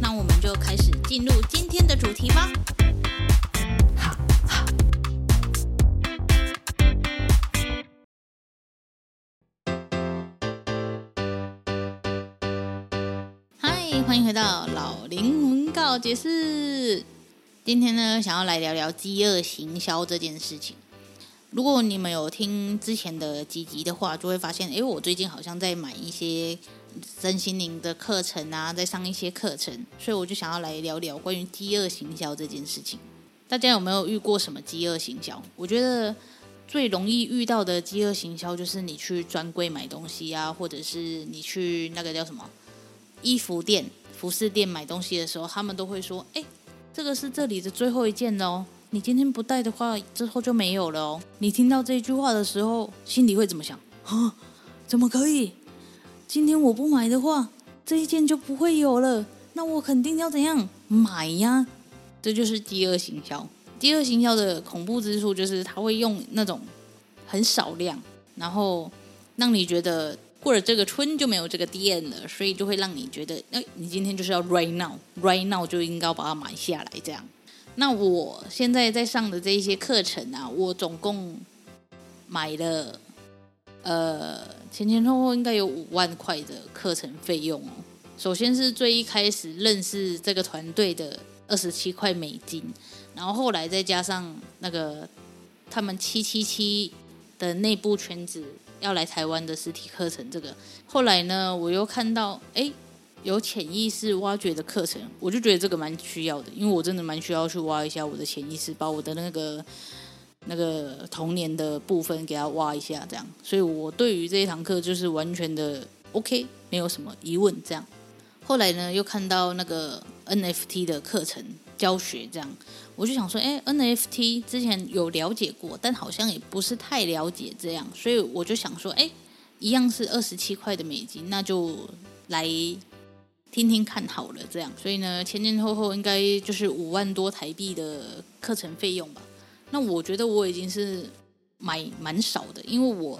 那我們就開始進入今天的主題吧。嗨，歡迎回到老靈魂告解室。今天呢，想要來聊聊飢餓行銷這件事情。如果你們有聽之前的幾集的話，就會發現，哎，我最近好像在買一些。身心靈的課程啊，在上一些課程，所以我就想要來聊聊關於飢餓行銷這件事情。大家有沒有遇過什麼飢餓行銷？我覺得最容易遇到的飢餓行銷就是你去專櫃買東西啊，或者是你去那個叫什麼衣服店、服飾店買東西的時候，他們都會說：“哎、欸，這個是這裡的最後一件嘍、哦，你今天不帶的話，之後就沒有了哦。”你聽到這句話的時候，心裡會怎麼想？啊，怎麼可以？今天我不買的話，這一件就不會有了。那我肯定要怎樣買呀？這就是飢餓行銷。飢餓行銷的恐怖之處就是，他會用那種很少量，然後讓你覺得過了這個村就沒有這個店了，所以就會讓你覺得，呃、你今天就是要 right now，right now 就應該要把它買下來這樣。那我現在在上的這些課程啊，我總共買了，呃。前前後後應該有五萬塊的課程費用哦。首先是最一開始認識這個團隊的二十七塊美金，然後後來再加上那個他們七七七的內部圈子要來台灣的實體課程，這個後來呢我又看到欸有潛意識挖掘的課程，我就覺得這個蠻需要的，因為我真的蠻需要去挖一下我的潛意識，把我的那個。那個童年的部分給他挖一下，這樣，所以我對於這一堂課就是完全的 OK，沒有什麼疑問。這樣，後來呢又看到那個 NFT 的課程教學，這樣，我就想說，欸，NFT 之前有了解過，但好像也不是太了解，這樣，所以我就想說，欸，一樣是二十七塊的美金，那就來聽聽看好了，這樣。所以呢，前前後後應該就是五萬多台幣的課程費用吧。那我覺得我已經是買蠻少的，因為我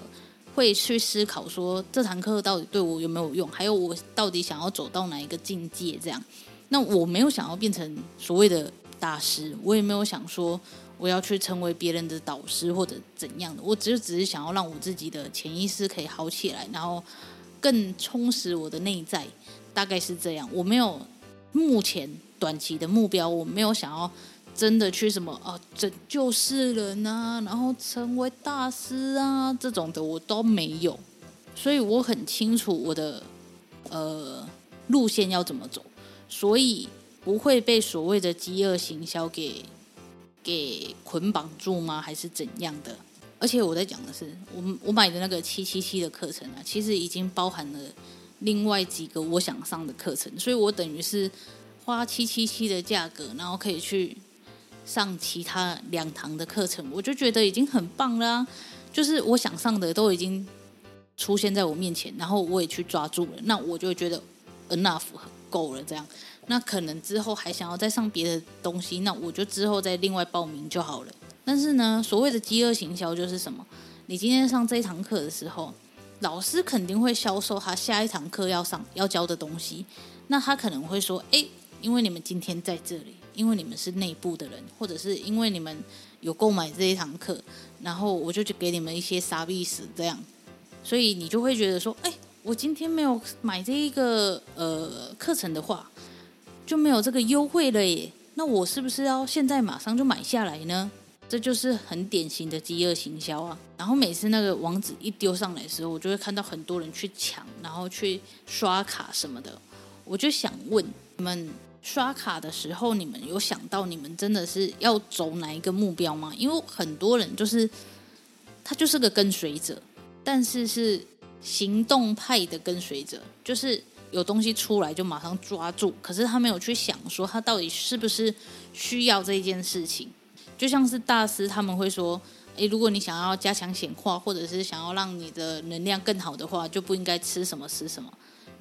會去思考說這堂課到底對我有沒有用，還有我到底想要走到哪一個境界這樣。那我沒有想要變成所謂的大師，我也沒有想說我要去成為別人的導師或者怎樣的。我只是只是想要讓我自己的潛意識可以好起來，然後更充實我的內在，大概是這樣。我沒有目前短期的目標，我沒有想要。真的去什麼啊？拯救世人啊，然後成為大師啊，這種的我都沒有，所以我很清楚我的呃路線要怎麼走，所以不會被所謂的飢餓行銷給給捆綁住嗎？還是怎樣的？而且我在講的是，我我買的那個七七七的課程啊，其實已經包含了另外幾個我想上的課程，所以我等於是花七七七的價格，然後可以去。上其他兩堂的課程，我就覺得已經很棒了啊。就是我想上的都已經出現在我面前，然後我也去抓住了。那我就覺得 enough 夠了這樣。那可能之後還想要再上別的東西，那我就之後再另外報名就好了。但是呢，所謂的飢餓行銷就是什麼？你今天上這一堂課的時候，老師肯定會銷售他下一堂課要上要教的東西。那他可能會說：“哎，因為你們今天在這裡。”因為你們是內部的人，或者是因為你們有購買這一堂課，然後我就去給你們一些殺必 s 這樣，所以你就會覺得說，哎、欸，我今天沒有買這一個呃課程的話，就沒有這個優惠了耶。那我是不是要現在馬上就買下來呢？這就是很典型的飢餓行銷啊。然後每次那個網址一丟上來的時候，我就會看到很多人去搶，然後去刷卡什麼的。我就想問你們。刷卡的時候，你們有想到你們真的是要走哪一個目標嗎？因為很多人就是他就是個跟隨者，但是是行動派的跟隨者，就是有東西出來就馬上抓住，可是他沒有去想說他到底是不是需要這一件事情。就像是大師他們會說：“誒，如果你想要加強顯化，或者是想要讓你的能量更好的話，就不應該吃什麼吃什麼。”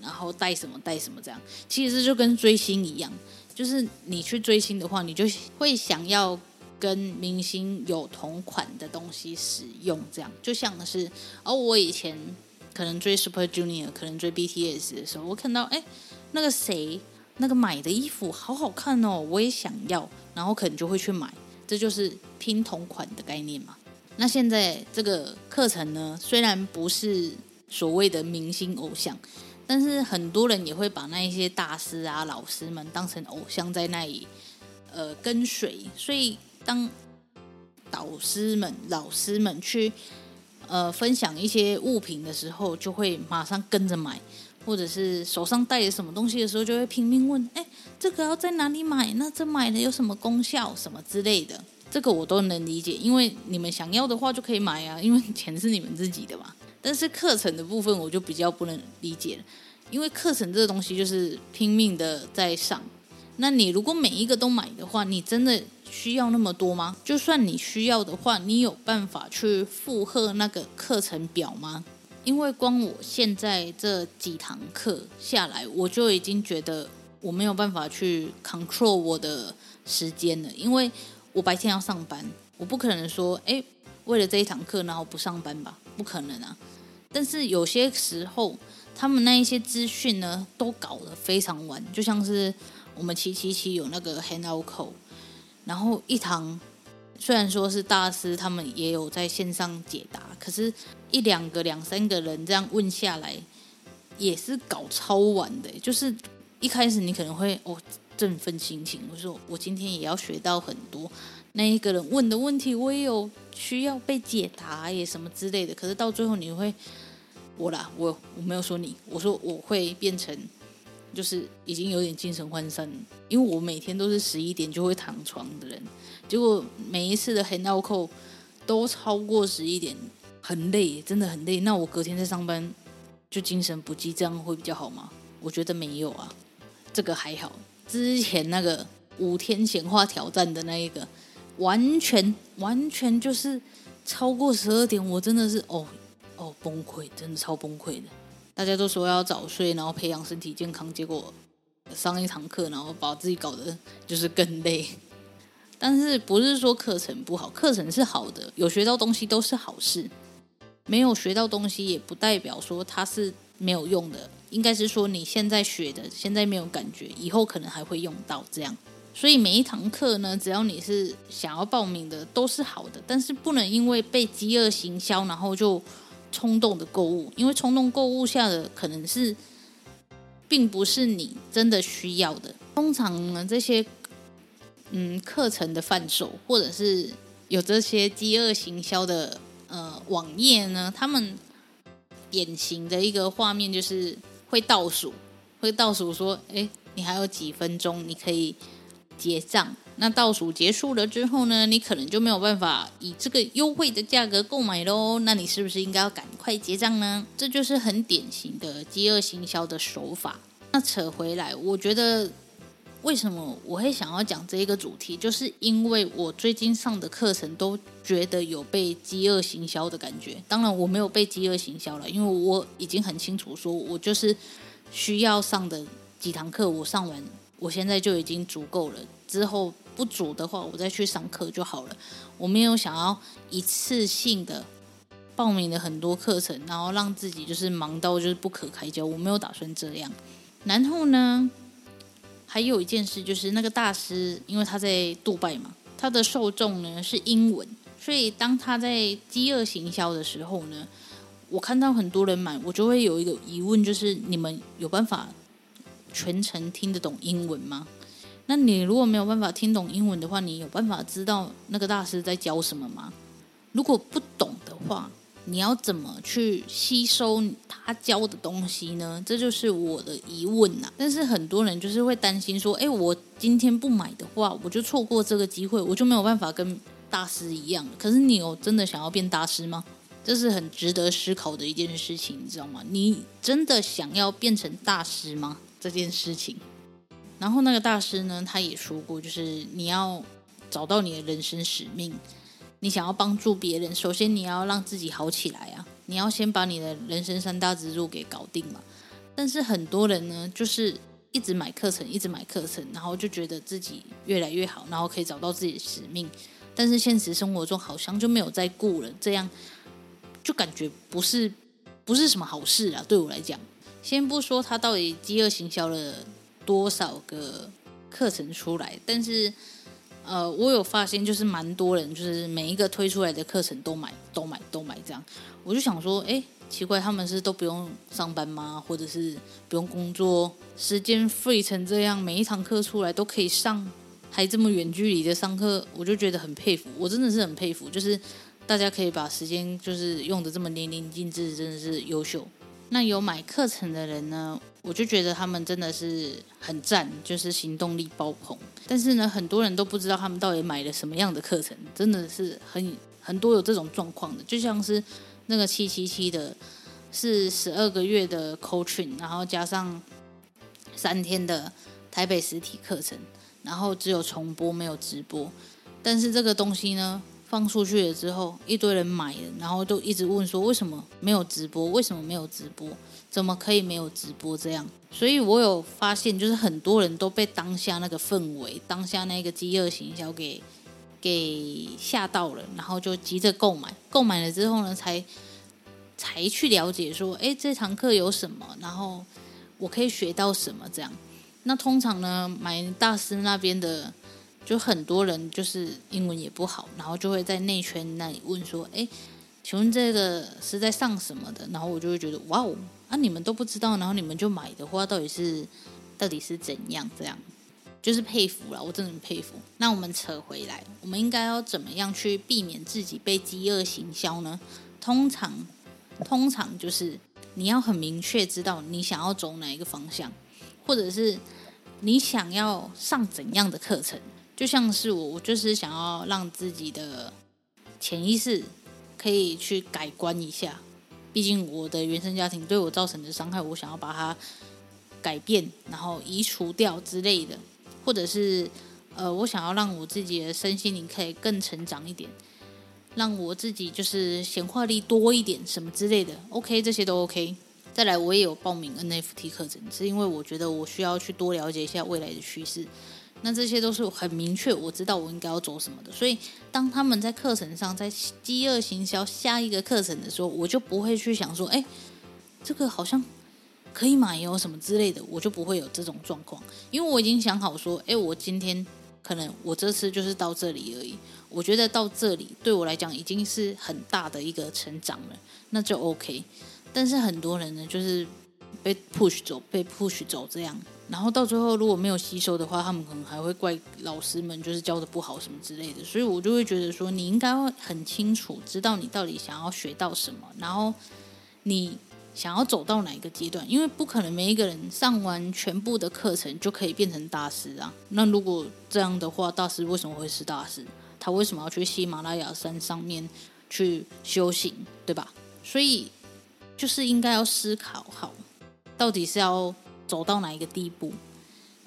然後帶什麼帶什麼，這樣其實就跟追星一樣，就是你去追星的話，你就會想要跟明星有同款的東西使用，這樣就像是哦，我以前可能追 Super Junior，可能追 BTS 的時候，我看到哎那個誰那個買的衣服好好看哦，我也想要，然後可能就會去買，這就是拼同款的概念嘛。那現在這個課程呢，雖然不是所謂的明星偶像。但是很多人也會把那一些大師啊、老師們當成偶像，在那裡，呃，跟隨。所以當導師們、老師們去呃分享一些物品的時候，就會馬上跟着買；或者是手上帶着什麼東西的時候，就會拼命問：哎，這個要在哪裡買？那這買的有什麼功效？什麼之類的？這個我都能理解，因為你們想要的話就可以買啊，因為錢是你們自己的嘛。但是課程的部分我就比較不能理解了，因為課程這個東西就是拼命的在上。那你如果每一個都買的話，你真的需要那麼多嗎？就算你需要的話，你有辦法去負荷那個課程表嗎？因為光我現在這幾堂課下來，我就已經覺得我沒有辦法去 control 我的時間了。因為我白天要上班，我不可能說，哎，為了這一堂課，然後不上班吧？不可能啊！但是有些時候，他們那一些資訊呢，都搞得非常晚，就像是我們七七七有那個 handout 課，然後一堂雖然說是大師，他們也有在線上解答，可是一兩個、兩三個人這樣問下來，也是搞超晚的。就是一開始你可能會哦振奮心情，我說我今天也要學到很多。那一個人問的問題，我也有需要被解答耶，什麼之類的。可是到最後，你會我啦，我我沒有說你，我說我會變成就是已經有點精神渙散了，因為我每天都是十一點就會躺床的人，結果每一次的 hangout 都超過十一點，很累，真的很累。那我隔天在上班就精神不濟，這樣會比較好嗎？我覺得沒有啊，這個還好。之前那個五天閒話挑戰的那一個。完全完全就是超過十二點，我真的是哦哦崩潰，真的超崩潰的。大家都說要早睡，然後培養身體健康，結果上一堂課，然後把自己搞得就是更累。但是不是說課程不好，課程是好的，有學到東西都是好事。沒有學到東西也不代表說它是沒有用的，應該是說你現在學的，現在沒有感覺，以後可能還會用到這樣。所以每一堂課呢，只要你是想要報名的，都是好的。但是不能因為被飢餓行銷，然後就衝動的購物，因為衝動購物下的可能是並不是你真的需要的。通常呢，這些嗯課程的販售，或者是有這些飢餓行銷的呃網頁呢，他們典型的一個畫面就是會倒數，會倒數說：“誒，你還有幾分鐘，你可以。”結賬，那倒數結束了之後呢，你可能就沒有辦法以這個優惠的價格購買嘍。那你是不是應該要趕快結賬呢？這就是很典型的飢餓行銷的手法。那扯回來，我覺得為什麼我會想要講這一個主題，就是因為我最近上的課程都覺得有被飢餓行銷的感覺。當然，我沒有被飢餓行銷了，因為我已經很清楚，說我就是需要上的幾堂課，我上完。我現在就已經足夠了，之後不足的話，我再去上課就好了。我沒有想要一次性的報名了很多課程，然後讓自己就是忙到就是不可開交。我沒有打算這樣。然後呢，還有一件事就是那個大師，因為他在杜拜嘛，他的受眾呢是英文，所以當他在飢餓行銷的時候呢，我看到很多人買，我就會有一個疑問，就是你們有辦法全程聽得懂英文嗎？那你如果沒有辦法聽懂英文的話，你有辦法知道那個大師在教什麼嗎？如果不懂的話，你要怎麼去吸收他教的東西呢？這就是我的疑問吶。但是很多人就是會擔心說：“哎，我今天不買的話，我就錯過這個機會，我就沒有辦法跟大師一樣。”可是你有真的想要變大師嗎？這是很值得思考的一件事情，你知道嗎？你真的想要變成大師嗎？這件事情，然後那個大師呢，他也說過，就是你要找到你的人生使命，你想要幫助別人，首先你要讓自己好起來啊，你要先把你的人生三大支柱給搞定嘛。但是很多人呢，就是一直買課程，一直買課程，然後就覺得自己越來越好，然後可以找到自己的使命，但是現實生活中好像就沒有再顧了，這樣就感覺不是不是什麼好事啊，對我來講。先不說他到底飢餓行銷了多少個課程出來，但是，呃，我有發現就是蠻多人就是每一個推出來的課程都買都買都買這樣，我就想說，哎，奇怪，他們是都不用上班嗎？或者是不用工作，時間 free 成這樣，每一堂課出來都可以上，還這麼遠距離的上課，我就覺得很佩服，我真的是很佩服，就是大家可以把時間就是用得這麼淋漓盡致，真的是優秀。那有買課程的人呢，我就覺得他們真的是很讚，就是行動力爆棚。但是呢，很多人都不知道他們到底買了什麼樣的課程，真的是很很多有這種狀況的，就像是那個七七七的，是十二個月的 coaching，然後加上三天的台北實體課程，然後只有重播沒有直播，但是這個東西呢，放出去了之後，一堆人買了，然後就一直問說為什麼沒有直播？為什麼沒有直播？怎麼可以沒有直播這樣？所以我有發現，就是很多人都被當下那個氛圍、當下那個飢餓行銷給給嚇到了，然後就急着購買。購買了之後呢，才才去了解說，哎、欸，這堂課有什麼？然後我可以學到什麼？這樣。那通常呢，買大師那邊的。就很多人就是英文也不好，然後就會在內圈那裡問說：“哎、欸，請問這個是在上什麼的？”然後我就會覺得：“哇哦，那、啊、你們都不知道，然後你們就買的話，到底是到底是怎樣？這樣就是佩服了，我真的很佩服。”那我們扯回來，我們應該要怎麼樣去避免自己被飢餓行銷呢？通常，通常就是你要很明確知道你想要走哪一個方向，或者是你想要上怎樣的課程。就像是我，我就是想要讓自己的潛意識可以去改觀一下，畢竟我的原生家庭對我造成的傷害，我想要把它改變，然後移除掉之類的，或者是呃，我想要讓我自己的身心靈可以更成長一點，讓我自己就是顯化力多一點什麼之類的。OK，這些都 OK。再來，我也有報名 NFT 課程，是因為我覺得我需要去多了解一下未來的趨勢。那這些都是很明確，我知道我應該要做什麼的。所以，當他們在課程上在飢餓行銷下一個課程的時候，我就不會去想說，哎，這個好像可以買喲什麼之類的，我就不會有這種狀況，因為我已經想好說，哎，我今天可能我這次就是到這裡而已。我覺得到這裡對我來講已經是很大的一個成長了，那就 OK。但是很多人呢，就是。被 push 走，被 push 走這樣，然後到最後如果沒有吸收的話，他們可能還會怪老師們就是教的不好什麼之類的。所以我就會覺得說，你應該要很清楚知道你到底想要學到什麼，然後你想要走到哪一個階段，因為不可能每一個人上完全部的課程就可以變成大師啊。那如果這樣的話，大師為什麼會是大師？他為什麼要去喜馬拉雅山上面去修行，對吧？所以就是應該要思考好。到底是要走到哪一個地步？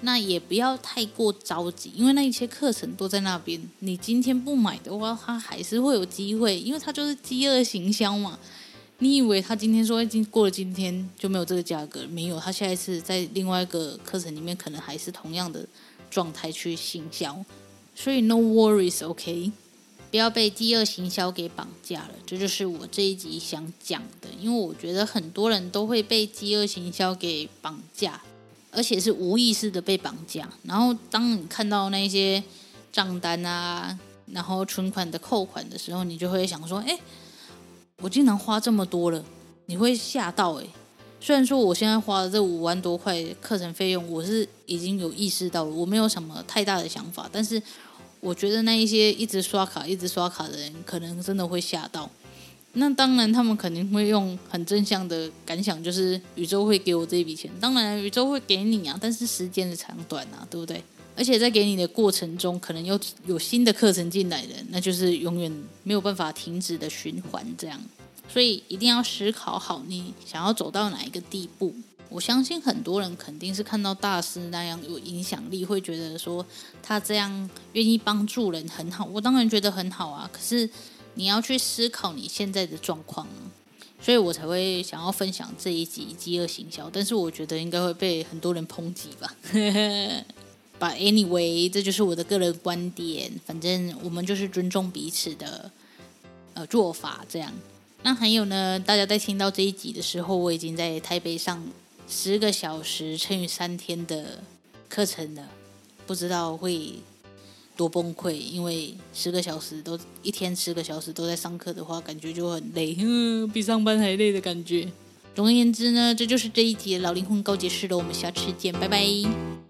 那也不要太過着急，因為那一些課程都在那邊。你今天不買的話，他還是會有機會，因為他就是飢餓行銷嘛。你以為他今天說已經過了今天就沒有這個價格？沒有，他下一次在另外一個課程裡面可能還是同樣的狀態去行銷。所以，no worries，OK、okay。不要被飢餓行銷給綁架了，這就是我這一集想講的。因為我覺得很多人都會被飢餓行銷給綁架，而且是無意識的被綁架。然後，當你看到那些賬單啊，然後存款的扣款的時候，你就會想說：“誒，我竟然花這麼多了！”你會嚇到誒，雖然說我現在花了這五萬多塊課程費用，我是已經有意識到了，我沒有什麼太大的想法，但是。我覺得那一些一直刷卡、一直刷卡的人，可能真的會嚇到。那當然，他們肯定會用很正向的感想，就是宇宙會給我這一筆錢。當然，宇宙會給你啊，但是時間的長短啊，對不對？而且在給你的過程中，可能又有新的課程進來的，那就是永遠沒有辦法停止的循環這樣。所以一定要思考好，你想要走到哪一個地步。我相信很多人肯定是看到大師那樣有影響力，會覺得說他這樣願意幫助人很好。我當然覺得很好啊，可是你要去思考你現在的狀況，所以我才會想要分享這一集《飢餓行銷》，但是我覺得應該會被很多人抨擊吧。But anyway，這就是我的個人觀點，反正我們就是尊重彼此的呃做法這樣。那還有呢，大家在聽到這一集的時候，我已經在台北上。十個小時乘以三天的課程呢，不知道會多崩潰。因為十個小時都一天十個小時都在上課的話，感覺就很累，嗯，比上班還累的感覺。總而言之呢，這就是這一集老靈魂告解室了。我們下次見，拜拜。